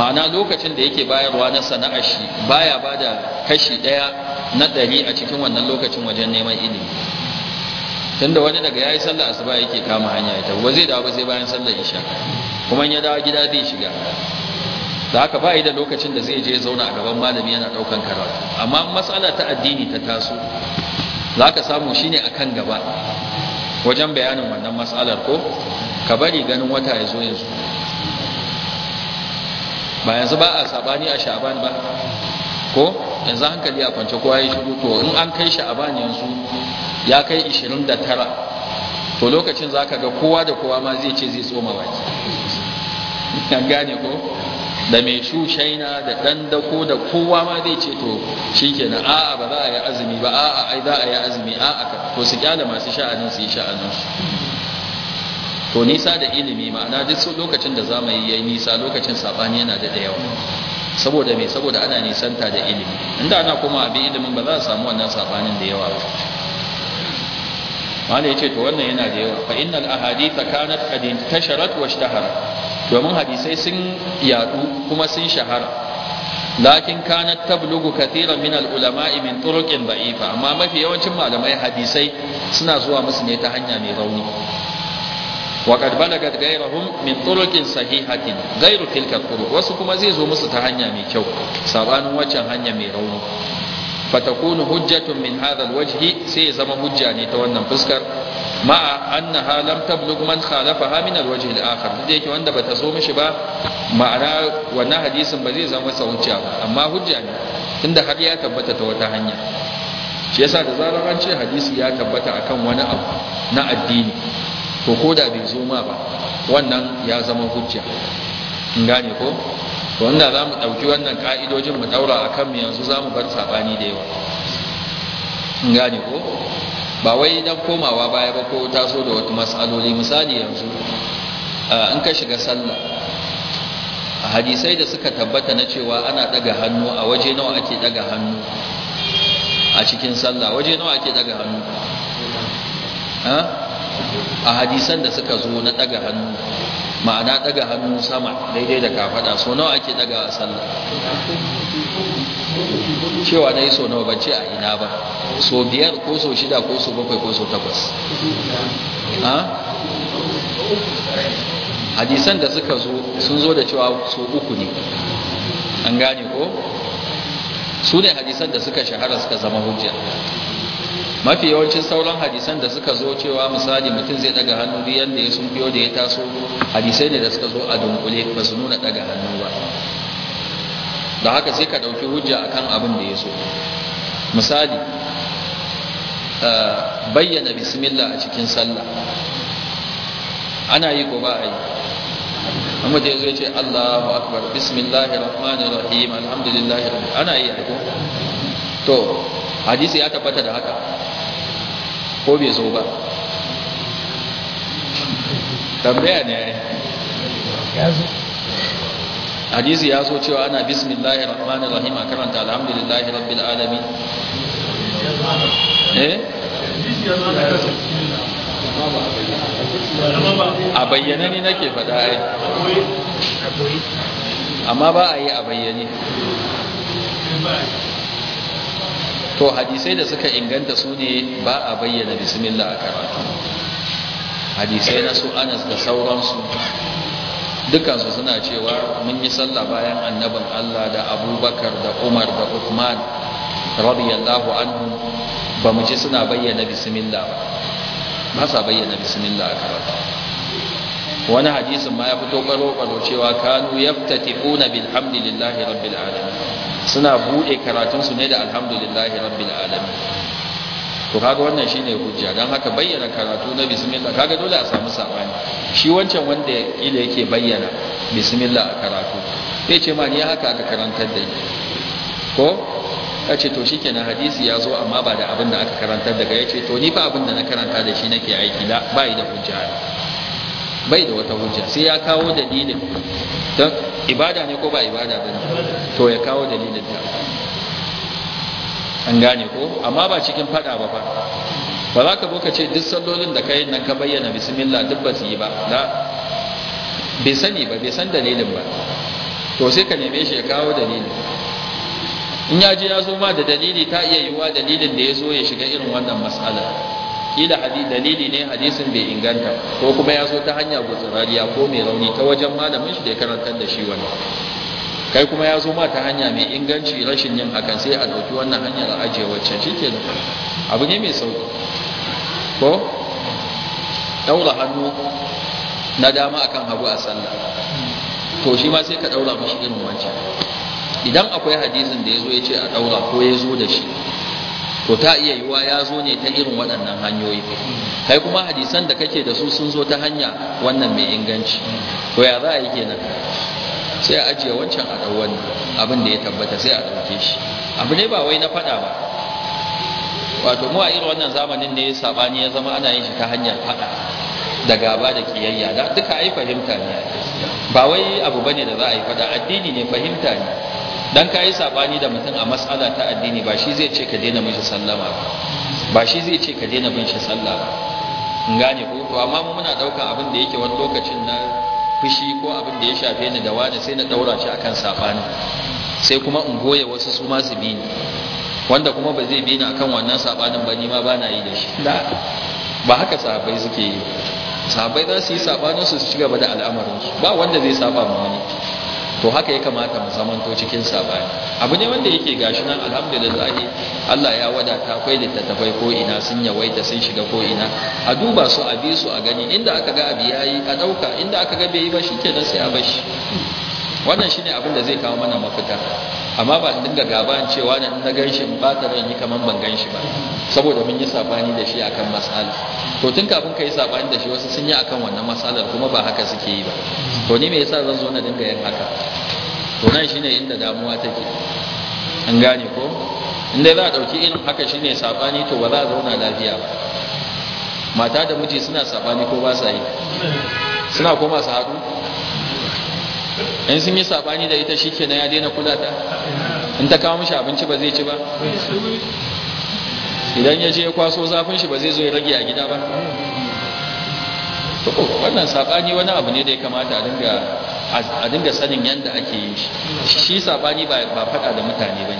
S1: ma'ana lokacin da yake bayarwa na sana'ar shi baya bada kashi daya na ɗari a cikin wannan lokacin wajen neman ilimi tunda wani daga ya yi sallar asuba yake kama hanya ita ba zai dawo ba sai bayan sallar isha kuma ya dawo gida zai shiga da haka ba da lokacin da zai je zauna a gaban malami yana ɗaukan karatu amma matsala ta addini ta taso za ka samu shi ne a kan gaba wajen bayanin wannan matsalar ko ka bari ganin wata ya zo yanzu ba yanzu ba a sabani a sha'ban ba ko yanzu hankali a kwance kowa ya shigo to in an kai shi a bani yanzu ya kai 29 to lokacin za ka ga kowa da kowa ma zai ce zai tsoma baki an gane ko da mai shushaina da ɗan dako da kowa ma zai ce to shi kenan a'a ba za a yi azumi ba a'a ai za a yi azumi a'a ka to su kyala masu sha'anin su yi sha'aninsu to nisa da ilimi ma'ana duk lokacin da za mu yi nisa lokacin saɓani yana da yawa saboda me saboda ana nisanta da ilimi inda ana kuma abin ilimin ba za a samu wannan sabanin da yawa wanda ya ce to wannan yana da yawa fa innal ahaditha kanat qad intasharat wa ishtahara domin hadisai sun yadu kuma sun shahara lakin kanat tablugu kathiran min al ulama'i min turuqin da'ifa amma mafi yawancin malamai hadisai suna zuwa musu ne ta hanya mai rauni وقد بلغت غيرهم min طرق صحيحة غير تلك الطرق wasu kuma zai zo musu ta hanya mai kyau sabanin waccan hanya mai rauni fatakunu hujjatun min hadha alwajhi sai zama hujja ne ta wannan fuskar ma'a annaha lam tablug man khalafaha min alwajhi alakhar da yake wanda bata zo mishi ba ma'ana wannan hadisin ba zai zama sa hujja ba amma hujja ne tunda har ya tabbata ta wata hanya shi yasa da zarar an ce hadisi ya tabbata akan wani abu na addini to ko da bai zo ma ba wannan ya zama hujja in gane ko to wanda za mu ɗauki wannan ƙa'idojin mu ɗaura a kanmu yanzu za mu bar saɓani da yawa in gane ko ba wai dan komawa baya ba ko taso da wata matsaloli misali yanzu in ka shiga sallah a hadisai da suka tabbata na cewa ana daga hannu a waje nawa ake daga hannu a cikin sallah waje nawa ake daga hannu a hadisan da suka zo na daga hannu ma'ana daga hannu sama daidai da kafada so nawa ake daga sallah cewa na yi so nawa bace a ina ba so biyar ko so shida ko so bakwai ko so takwas hadisan da suka zo sun zo da cewa so uku ne an gane ko su ne hadisan da suka shahara suka zama hujja mafi yawancin sauran hadisan da suka zo cewa misali mutum zai daga hannu duk yanda ya sun fiyo da ya taso hadisai ne da suka zo a dunkule ba su nuna daga hannu ba da haka sai ka dauki hujja kan abin da ya so misali eh, bayyana bismillah a cikin sallah ana yi ko ba a yi amma da ya yace Allahu akbar "bismillahi rahmanir rahim alhamdulillahi ana yi ko to hadisi ya tabbata da haka ko bai zo ba tambaya ne ya zo hadisi ya so cewa ana bismillahir rahmanir rahim a karanta alhamdulillahi rabbil alamin eh a bayyane ne nake faɗa ai amma ba a yi a bayyane to hadisai da suka inganta su ne ba a bayyana bismillah a karatu hadisai na su anas da sauransu dukansu suna cewa mun yi sallah bayan annabin Allah da abubakar da umar da uthman radiyallahu anhu ba mu ci suna bayyana bismillah ba ba sa bayyana bismillah a karatu wani hadisin ma ya fito karo-karo cewa kanu yaftati'una bilhamdulillahi rabbil alamin suna bude karatunsu ne da alhamdulillahi rabbil alamin to kaga wannan shine hujja dan haka bayyana karatu na bismillah kaga dole a samu sabani shi wancan wanda ila yake bayyana bismillah a karatu sai ce ma ni haka aka karantar da ni ko kace to shikenan hadisi ya zo amma ba da abin da aka karantar daga yace to ni fa abin da na karanta da shi nake aiki da bai da hujja bai da wata hujja sai ya kawo dalilin don ibada ne ko ba ibada ba to ya kawo dalilin ta an gane ko amma ba cikin fada ba fa ba za ka boka ce duk sallolin da ka yi nan ka bayyana bismillah duk ba su yi ba da bai sani ba bai san dalilin ba to sai ka neme shi ya kawo dalilin in ya je ya zo ma da dalili ta iya yiwuwa dalilin da ya zo ya shiga irin wannan matsalar kila hadisi dalili ne hadisin bai inganta ko kuma ya zo ta hanya gutsirariya ko mai rauni ta wajen malamin shi da ya karantar da shi wannan kai kuma ya zo ma ta hanya mai inganci rashin yin hakan sai a ɗauki wannan hanyar a ajiye wacce shi ke abu ne mai sauƙi ko ɗaura hannu na dama akan hagu a sallah to shi ma sai ka ɗaura mashi irin wancan idan akwai hadisin da ya zo ya ce a ɗaura ko ya zo da shi to ta iya yiwuwa ya zo ne ta irin waɗannan hanyoyi kai kuma hadisan da kake da su sun zo ta hanya wannan mai inganci to ya za a yi kenan sai a ajiye wancan a ɗau abin da ya tabbata sai a ɗauke shi abu ne ba wai na faɗa ba wato mu a irin wannan zamanin ne saɓani ya zama ana yin shi ta hanyar faɗa da gaba da kiyayya da duka ai fahimta ne ba wai abu bane da za a yi faɗa addini ne fahimta ne dan ka yi sabani da mutum a matsala ta addini ba shi zai ce ka daina mishi sallama ba ba shi zai ce ka daina bin shi sallah ba in gane ko to amma muna daukan abin da yake wani lokacin na fushi ko abin da ya shafe ni da wani sai na daura shi akan sabani sai kuma in goye wasu su ma su bini wanda kuma ba zai bini akan wannan sabanin ba ni ma ba na yi da shi ba haka sahabbai suke yi sahabbai za su yi sabanin su su ci gaba da al'amarin su ba wanda zai saba ma wani to haka ya kamata mu zamanto cikin sabani abu ne wanda yake gashi nan alhamdulillah Allah ya wadata kwai littattafai ko ina sun yawaita sun shiga ko ina a duba su a bi su a gani inda aka ga abi yayi a dauka inda aka ga bai yi ba shikenan sai a bashi wannan shine abin da zai kawo mana mafita amma ba in dinga an cewa nan na shi ba ta ran yi kaman ban ganshi ba saboda mun yi sabani da shi akan mas'ala to tun kafin kai sabani da shi wasu sun yi akan wannan mas'alar kuma ba haka suke yi ba to ni me yasa zan zo na dinga yin haka to nan shine inda damuwa take an gane ko inda za a dauki irin haka shine sabani to ba za a zauna lafiya ba mata da miji suna sabani ko ba sa yi suna koma su haɗu in sun yi sabani da ita na ya daina kula ta in ta kawo mishi abinci ba zai ci ba idan ya je ya kwaso zafin shi ba zai zo ya rage a gida ba to wannan sabani wani abu ne da ya kamata a dinga a dinga sanin yadda ake yi shi shi sabani ba faɗa da mutane ba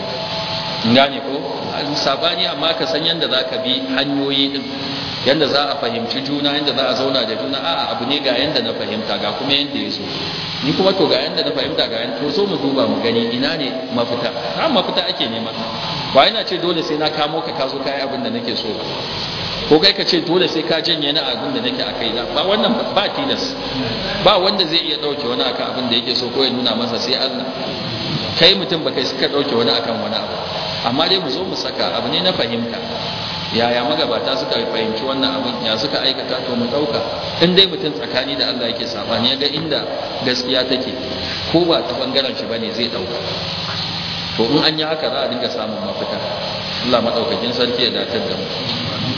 S1: ne gane ko sabani amma ka san yadda za ka bi hanyoyi din, yadda za a fahimci juna yadda za a zauna da juna a'a abu ne ga yadda na fahimta ga kuma yadda ya so ni kuma to ga yanda na fahimta ga yanda to so mu duba mu gani ina ne mafita ha mafita ake nema ba ina ce dole sai na kamo ka ka zo kai abin da nake so ba ko kai ka ce dole sai ka janye na abin da nake akai da ba wannan ba tilas ba wanda zai iya dauke wani akan abin da yake so ko ya nuna masa sai Allah kai mutum ba kai suka dauke wani akan wani abu amma dai mu zo mu saka abu ne na fahimta yaya magabata suka fahimci wannan abin ya suka aikata to mu dauka in dai mutum tsakani da Allah yake sabani ya ga inda gaskiya take ko ba ta bangaren shi bane zai dauka to in an yi haka za a dinga samun mafita Allah madaukakin sarki ya datar da mu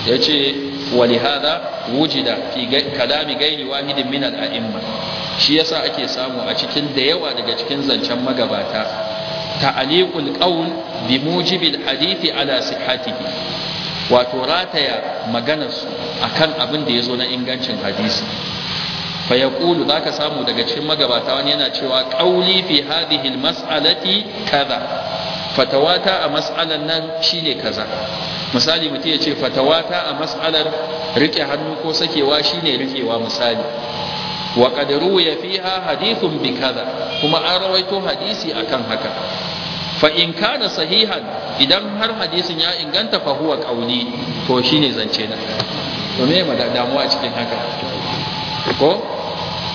S1: yace walihada wujida fi kalami gairi wahidin min al-a'imma shi yasa ake samu a cikin da yawa daga cikin zancen magabata ta'aliqul qawl bi mujibil hadithi ala sihhatihi wato rataya maganarsu akan abin da ya zo na ingancin hadisi fa za zaka samu daga cikin magabata wani yana cewa ƙauli fi hadhihi mas'alati kaza fatawata a mas'alar nan shine kaza misali mutum ya ce fatawata a mas'alar riƙe hannu ko sakewa shine riƙewa misali wa qad ruwiya fiha hadithun bi kaza kuma an rawaito hadisi akan haka fa in kana sahihan idan har hadisin ya inganta fa ƙauni qauli to shine zance na to me ma damuwa cikin haka ko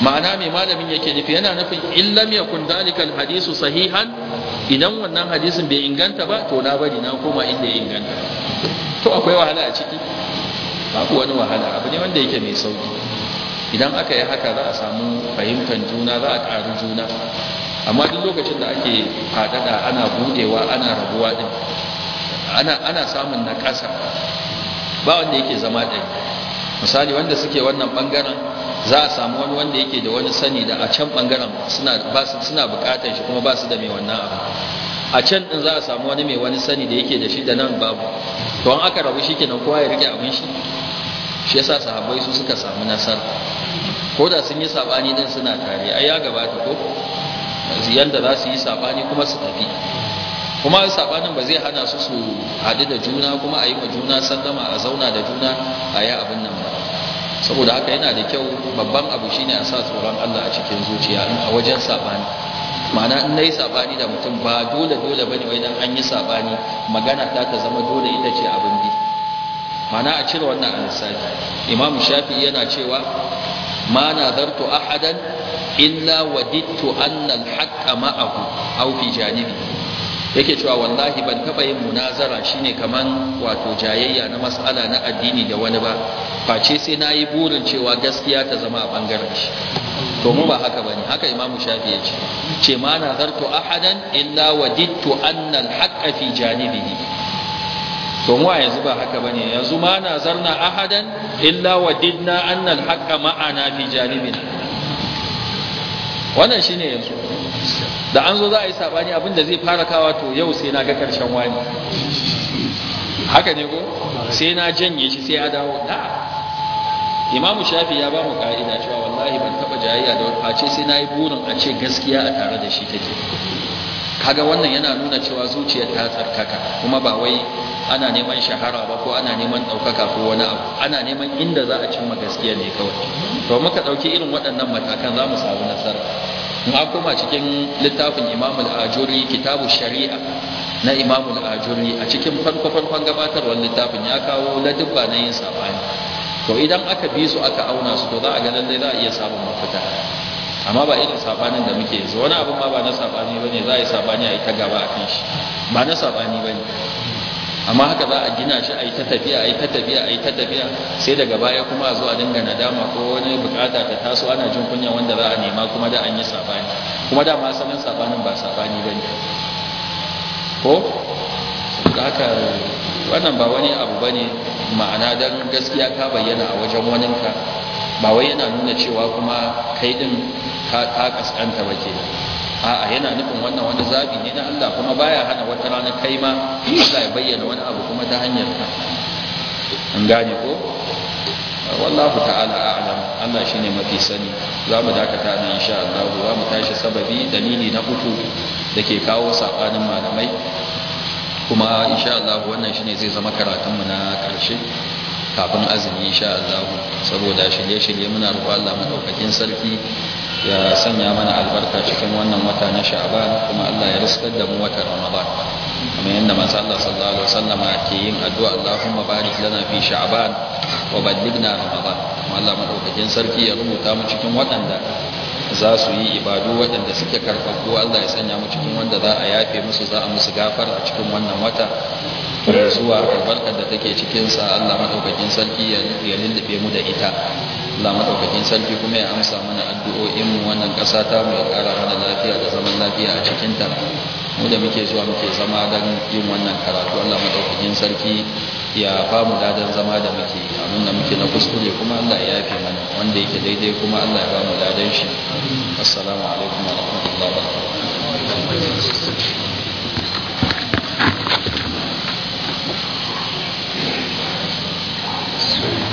S1: ma'ana mai malamin yake nufi yana nufin in ya yakun dalika hadisu sahihan idan wannan hadisin bai inganta ba to na bari na koma inda ya inganta to akwai wahala a ciki babu wani wahala abu ne wanda yake mai sauki idan aka yi haka za a samu fahimtar juna za a ƙaru juna amma duk lokacin da ake fadada ana budewa ana rabuwa din ana ana samun nakasa ba wanda yake zama ɗaya misali wanda suke wannan bangaren za a samu wani wanda yake da wani sani da a can bangaren suna ba su suna bukatar shi kuma ba su da mai wannan abu a can din za a samu wani mai wani sani da yake da shi da nan babu to an aka rabu shikenan kowa ya rike abin shi shi yasa sahabbai su suka samu nasara ko da sun yi sabani din suna tare ai ya gabata ko yadda za su yi sabani kuma su tafi kuma sabanin ba zai hana su su haɗu da juna kuma a yi ma juna sallama a zauna da juna a yi abin nan ba saboda haka yana da kyau babban abu shine a sa tsoron Allah a cikin zuciya a wajen sabani ma'ana in na yi sabani da mutum ba dole dole ne wai don an yi sabani magana ta ta zama dole ita ce abin bi ma'ana a cire wannan alisali imam shafi yana cewa ma nadartu ahadan illa wadittu annal haqqa ma'ahu aw fi janibi yake cewa wallahi ban taba yin munazara shine kaman wato jayayya na mas'ala na addini da wani ba face sai nayi burin cewa gaskiya ta zama a bangaren shi to mu ba haka bane haka imamu shafi yace ce ma nazartu ahadan illa wadittu anna al-haqqa fi janibihi to mu yanzu ba haka bane yanzu ma nazarna ahadan illa wadidna anna al-haqqa ma'ana fi janibina wannan shine yanzu da an zo za a yi sabani abin da zai fara kawa to yau sai na ga karshen wani haka ne ko sai na janye shi sai ya dawo da imamu shafi ya ba mu ka'ida cewa wallahi ban taba jayayya da wani face sai na yi burin a ce gaskiya a tare da shi take kaga wannan yana nuna cewa zuciya ta tsarkaka kuma ba wai ana neman shahara ba ko ana neman ɗaukaka ko wani abu ana neman inda za a cimma gaskiya ne kawai to muka ɗauki irin waɗannan matakan za mu samu nasara in an koma cikin littafin imamul ajuri kitabu shari'a na imamul ajuri a cikin farko-farkon gabatarwar littafin ya kawo ladubba na yin sabani to idan aka bi su aka auna su to za a ga lallai za a iya samun mafita amma ba irin sabanin da muke yanzu wani abin ma ba na sabani ba za a yi sabani a yi ta gaba a kan shi ba na sabani ba amma haka za a gina shi a yi ta tafiya a yi ta tafiya a yi ta tafiya sai daga baya kuma a zo a dinga nadama ko wani bukata ta taso ana jin kunya wanda za a nema kuma da an yi sabani kuma da ma sanin sabanin ba sabani ba ne ko da haka wannan ba wani abu ba ne ma'ana don gaskiya ka bayyana a wajen waninka ba wai yana nuna cewa kuma kai din ka kaskanta ba a'a yana nufin wannan wani zabi ne na Allah kuma baya hana wata rana kai ma Allah ya bayyana wani abu kuma ta hanyar ka an gane ko wallahu ta'ala a'lam Allah shine mafi sani Za zamu dakata nan insha Allah mu tashi sababi dalili na uku dake kawo sabanin malamai kuma insha Allah wannan shine zai zama karatun mu na karshe kafin azumi insha Allah saboda shirye-shirye muna roƙon Allah madaukakin sarki ya sanya mana albarka cikin wannan wata na sha'ban kuma Allah ya riskar da mu wata ramadan kamar yadda manzo Allah sallallahu alaihi ke yin addu'a Allahumma barik lana fi sha'ban wa ballighna ramadan kuma Allah madaukakin sarki ya rubuta mu cikin waɗanda za su yi ibadu waɗanda suke karfafu Allah ya sanya mu cikin wanda za a yafe musu za a musu gafar a cikin wannan wata zuwa albarkar da take cikinsa Allah madaukakin sarki ya lullube mu da ita Allah madaukakin sarki kuma ya amsa mana addu'o'in mu wannan ƙasa ta mu ya ƙara mana lafiya da zaman lafiya a cikin ta mu da muke zuwa muke zama don yin wannan karatu Allah madaukakin sarki ya ba mu dadan zama da muke abin da muke na kuskure kuma Allah ya yafe mana wanda yake daidai kuma Allah ya ba mu dadan shi assalamu alaikum wa rahmatullahi wa barakatuh